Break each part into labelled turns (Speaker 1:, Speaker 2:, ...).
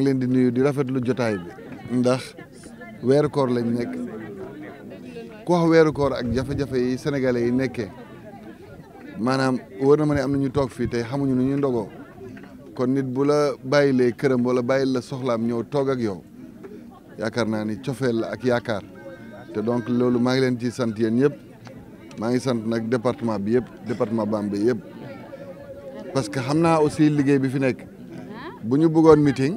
Speaker 1: ngi leen di nuyu di rafetlu jotaay bi ndax weeru koor lañ nekk ko wax weeru koor ak jafe-jafe yi sénégalais yi nekkee maanaam wóor na ma ne am na ñu toog fii tey xamuñu nu ñuy ndogoo kon nit bu la bàyyilee këram wala bàyyil la soxlaam ñëw toog ak yow yaakaar naa ni cofeel la ak yaakaar te donc loolu maa ngi leen ci sant yéen yëpp maa ngi sant nag département bi yëpp département Bambey yëpp parce que xam naa aussi liggéey bi fi nekk ah. bu ñu bëggoon meeting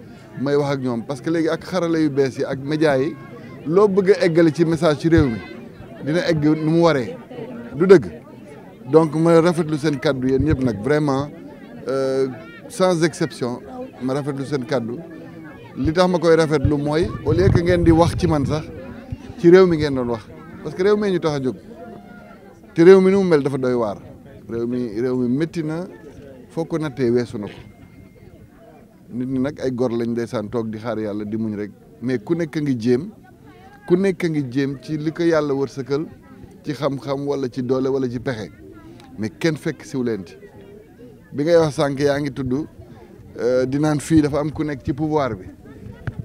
Speaker 1: may wax ak ñoom parce que léegi ak xarala yu bees yi ak média yi loo bëgg a eggale ci message ci réew mi dina egg nu mu waree du dëgg donc ma rafetlu seen kàddu yéen ñëpp nag vraiment euh, sans exception ma rafetlu seen kàddu li tax ma koy rafetlu mooy au lieu ngeen di wax ci man sax ci réew mi ngeen doon wax parce que réew mi ñu tax a jóg te réew mi ni mu mel dafa doy waar réew mi réew mi métti na foo ko nattee weesu na ko nit ñi nag ay gor lañ ndeysaan toog di xaar yàlla di muñ rek mais ku nekk a ngi jéem ku nekk a ngi jéem ci li ko yàlla wërsëkal ci xam-xam wala ci doole wala ci pexe mais kenn fekk siw leen bi ngay wax sànq yaa ngi tudd euh, di naan fii dafa am ku nekk ci pouvoir bi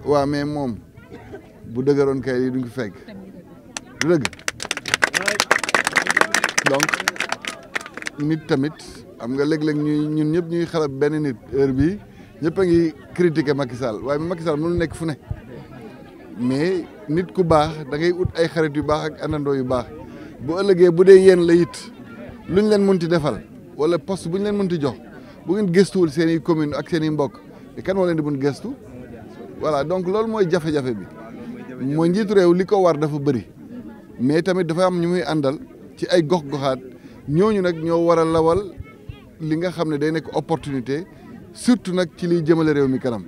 Speaker 1: waa mais moom bu dëgëroon kay yi duñ ko fekk du dëgg donc nit tamit am nga léeg-léeg ñuy ñun ñëpp ñuy xarab benn nit heure bi ñëpp ngi critiqué Macky Sall waaye Macky Sall mënul nekk fu ne mais nit ku baax da ngay ut ay xarit yu baax ak àndandoo yu baax bu ëllëgee bu dee yéen la yit lu ñu leen munti defal wala post bu ñu leen munti jox bu ngeen gëstuwul seen i commune ak seen i mbokk te kan moo leen di mun gëstu voilà donc loolu mooy jafe-jafe bi mooy njiitu réew li ko war dafa bëri mais tamit dafa am ñu muy àndal ci ay gox-goxaat ñooñu nag ñoo war a lawal li nga xam ne day nekk opportunité surtout nak ci li jëmele rew mi kanam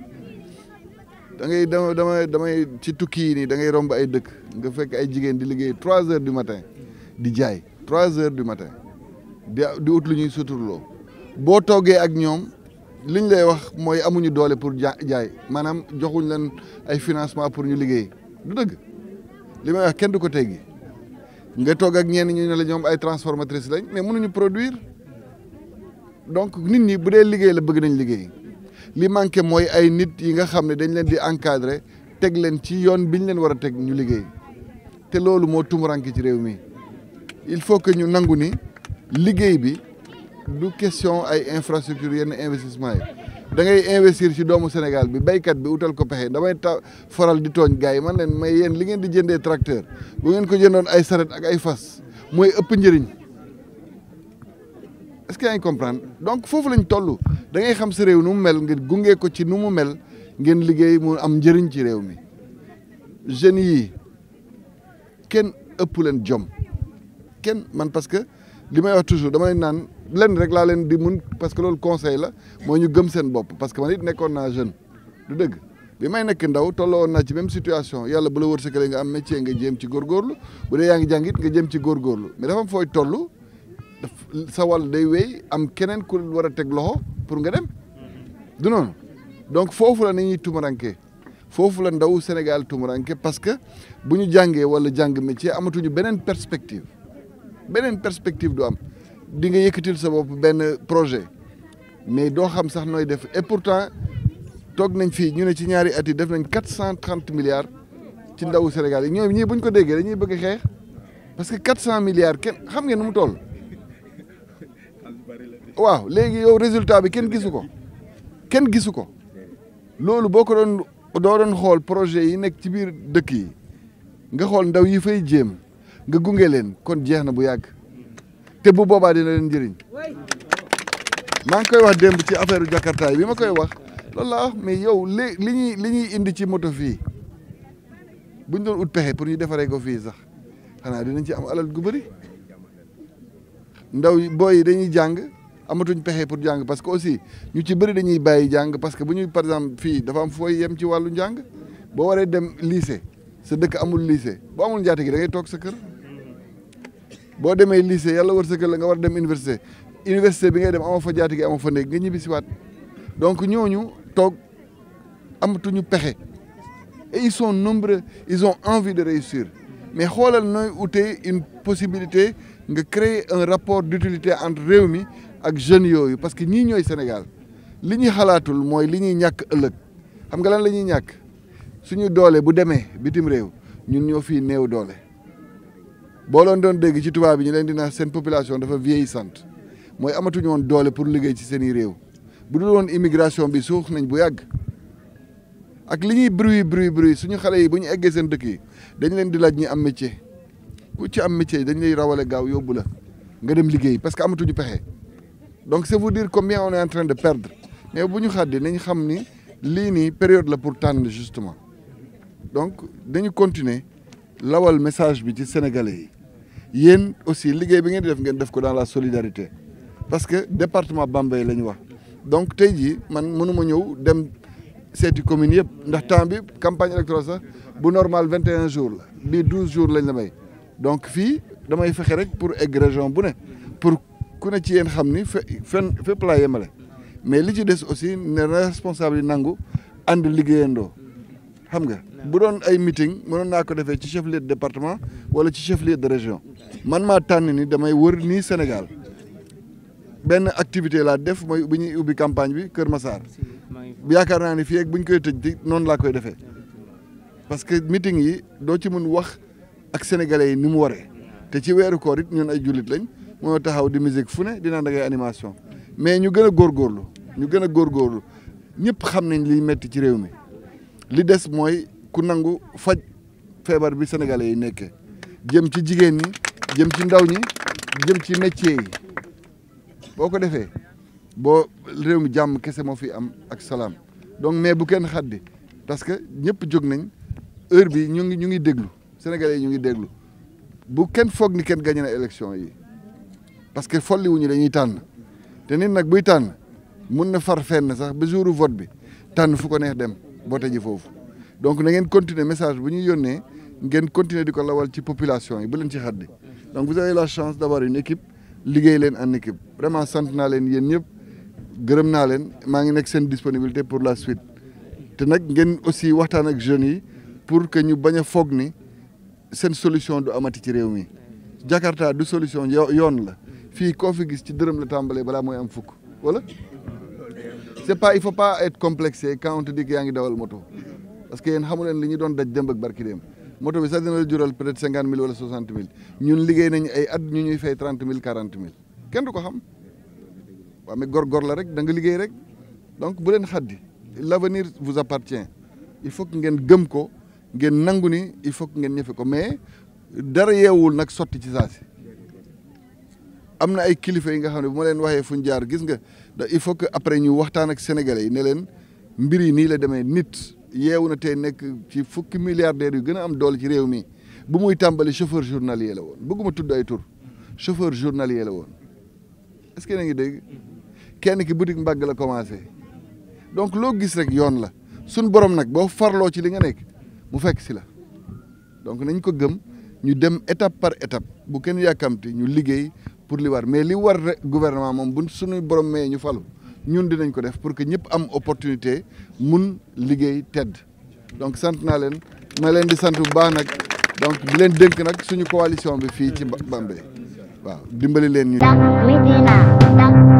Speaker 1: da ngay dama dama ci tukki ni da ngay romb ay dëkk nga fekk ay jigen di liggéey 3 heures du matin di jaay 3 heures du matin di di ut luñuy suturlo bo toggé ak ñom liñ lay wax moy amuñu doole pour jaay manam joxuñ len ay financement pour ñu liggéey du dëgg limay wax kenn du ko téggi nga togg ak ñen ñu ne la ñom ay transformatrice lañ mais mënuñu produire donc nit ñi bu dee liggéey la bëgg nañ liggéey li manqué mooy ay nit yi nga xam ne dañ leen di encadrer teg leen ci yoon bi ñu leen war a teg ñu liggéey te loolu moo tumuranke ci réew mi il faut que ñu nangu ni liggéey bi du question ay infrastructure yenn investissement yi da ngay investir ci doomu Sénégal bi béykat bi utal ko pexe damay ta faral di tooñ gars yi man leen may yéen li ngeen di jëndee tracteur bu ngeen ko jëndoon ay saret ak ay fas mooy ëpp njëriñ est-ce que yaa ngi comprendre donc foofu lañ toll da ngay xam si réew nu mu mel ngir gunge ko ci nu mu mel ngeen liggéey mu am njëriñ ci réew mi jeunes yi kenn ëpp leen jom kenn man parce que li may wax toujours dama leen naan lenn rek laa leen di mun parce que loolu conseil la moo ñu gëm seen bopp parce que man it nekkoon naa jeune du dëgg bi may nekk ndaw tolloon naa ci même situation yàlla bu la wërsëgalee nga am métier nga jéem ci góorgóorlu bu dee yaa ngi jàng nga jéem ci góorgóorlu mais dafa fooy toll. daf sa day wéy am keneen ku war a teg loxo pour nga dem du donc foofu la nañuy tumuranke foofu la ndaw Sénégal tumuranke parce que bu ñu jàngee wala jàng métier amatuñu beneen perspective beneen perspective du am di nga yëkkatil sa benn projet mais doo xam sax nooy def et pourtant toog nañ fii ñu ne ci ñaari at yi def nañ quatre cent trente milliards ci ndawu Sénégal yi ñoom ñii buñ ko déggee dañuy bëgg xeex parce que quatre cent milliards kenn xam ngeen nu mu toll waaw léegi yow résultat bi kenn gisu ko kenn gisu ko loolu boo ko doon doo doon xool projet yi nekk ci biir dëkk yi nga xool ndaw yi fay jéem nga gunge leen kon jeex na bu yàgg te bu boobaa dina leen njëriñ maa ngi koy wax démb ci affaire jakarta yi bi ma koy wax loolu laa wax mais yow li li ñuy li ñuy indi ci moto fii buñ doon ut pexe pour ñu defaree ko fii sax xanaa dinañ ci am alal gu bëri ndaw booy yi dañuy jàng amatuñ pexé pour jang parce que aussi ñu ci bëri dañuy bayyi jang parce que bu par exemple fi dafa am foy yem ci walu jang bo waree dem lycée sa dëkk amul lycée bo amul njaate gi da ngay toog sa kër bo démé lycée yalla wër sa kër nga war dem université université bi ngay dem amoo fa jaati gi amoo fa néeg nga ñibbi si waat donc ñoñu tok amatuñu pexé et ils sont nombreux ils ont envie de réussir mais xolal noy outé une possibilité nga créer un rapport d'utilité entre réew mi ak jeunes yooyu parce que ñii ñooy senegal li ñuy xalaatul mooy li ñuy ñàkk ëllëg xam nga lan la ñuy ñàkk suñu doole bu demee bitim réew ñun ñoo fii néew doole. boo loon doon dégg ci tubaab bi ñu leen di naan seen population dafa sant mooy amatuñu woon doole pour liggéey ci seen i réew bu dul woon immigration bi suux nañ bu yàgg. ak li ñuy bruit bruit bruit suñu xale yi bu ñu eggee seen dëkk yi dañ leen di laaj ñi am métier ku ci am métier dañ lay rawale gaaw yóbbu la nga dem liggéey parce que amatuñu pexe. donc c'est vous dire combien on est en train de perdre mais bu ñu xàddi nañ xam ni période pour tendre justement donc dañu continuer lawal message bi ci sénégalais yi aussi liggéey bi ngeen di def ngeen def ko dans la solidarité parce que le département Bambaye est là. wax donc tey jii man mënuma ñëw dem seeti commune. yëpp ndax temps bi campagne électorale c'est normal 21 jours la 12 jours lañ donc ici, je fexe rek pour egg région bu pour ku ne ci yéen xam ni fe fen fépp laa yemale mais li ci des aussi ne responsable yi nangu ànd liggéeyandoo xam nga bu doon ay meeting mënoon naa ko defee ci chef lieu de département wala ci chef lieu de région man maa tànn ni damay wër nii Sénégal benn activité la def mooy bu ñuy ubbi campagne bi Kër Massar yaakaar naa ni fii ak bu koy tëj di noonu laa koy defee parce que meeting yi doo ci mën wax ak sénégalais yi ni mu waree te ci weeru koor ñun ay jullit lañ. moo taxaw di musique fu ne dinaan da ngay animation mais ñu gën a góorlu ñu gën a góorlu ñëpp xam nañ liy metti ci réew mi li des mooy ku nangu faj feebar bi sénégalais yi nekke jëm ci jigéen ñi jëm ci ndaw ñi jëm ci métier yi boo ko defee boo réew mi jàmm kese moo fi am ak salaam donc mais bu kenn xaddi parce que ñëpp jóg nañ heure bi ñu ngi ñu ngi déglu sénégalais yi ñu ngi déglu bu kenn foog ni kenn gagné na élection yi parce que folliwuñu dañuy tànn te nit nag buy tànn mun na far fenn sax ba jouru vote bi tànn fu ko neex dem vote ji foofu donc na ngeen continuer message bu ñu yónnee ngeen continuer di ko lawal ci population yi bu leen ci xaddi donc vous avez la chance d'avoir une équipe liggéey leen en équipe vraiment sant naa leen yéen ñëpp gërëm naa leen maa ngi nekk seen disponibilité pour la suite te nag ngeen aussi waxtaan ak jeunes yi pour que ñu bañ a foog ni seen solution du amati ci réew mi Jakarta du solution yoon la il ne faut pas être complexé quand on te dit qu'il y a une moto. Parce que y a un homme moto, ça peut-être 50 000 ou 60 000. Nous les gars, nous avons 30 000, 40 000. Quand on va Mais gor gor la donc les gars, donc vous êtes L'avenir vous appartient. Il faut que vous gagnez, que vous il faut que vous gagnez. Mais derrière vous, n'importe qui amna ay kilifa yi nga xamne buma len waxe fuñ jaar gis nga da il faut que après ñu waxtaan ak sénégalais ne len mbiri ni la démé nit yewu na tay nek ci fukki milliardaire yu gëna am doole ci réew mi bu muy tambali chauffeur journalier la won bëgguma tuddu ay tour chauffeur journalier la won est ce que ngi dégg kenn ki boutique mbag la commencé donc lo gis rek yoon la sun borom nak bo farlo ci li nga nek mu fekk ci la donc nañ ko gëm ñu dem étape par étape bu kenn yakamti ñu liggéey pour li war mais li war gouvernement moom bu suñu borom mayee ñu falu ñun dinañ ko def pour que ñëpp am opportunité mun liggéey tedd donc sant naa leen ma leen di sant bu baax nag donc di leen dénk nag suñu coalition bi fii ci Bambey waaw dimbali leen ñu.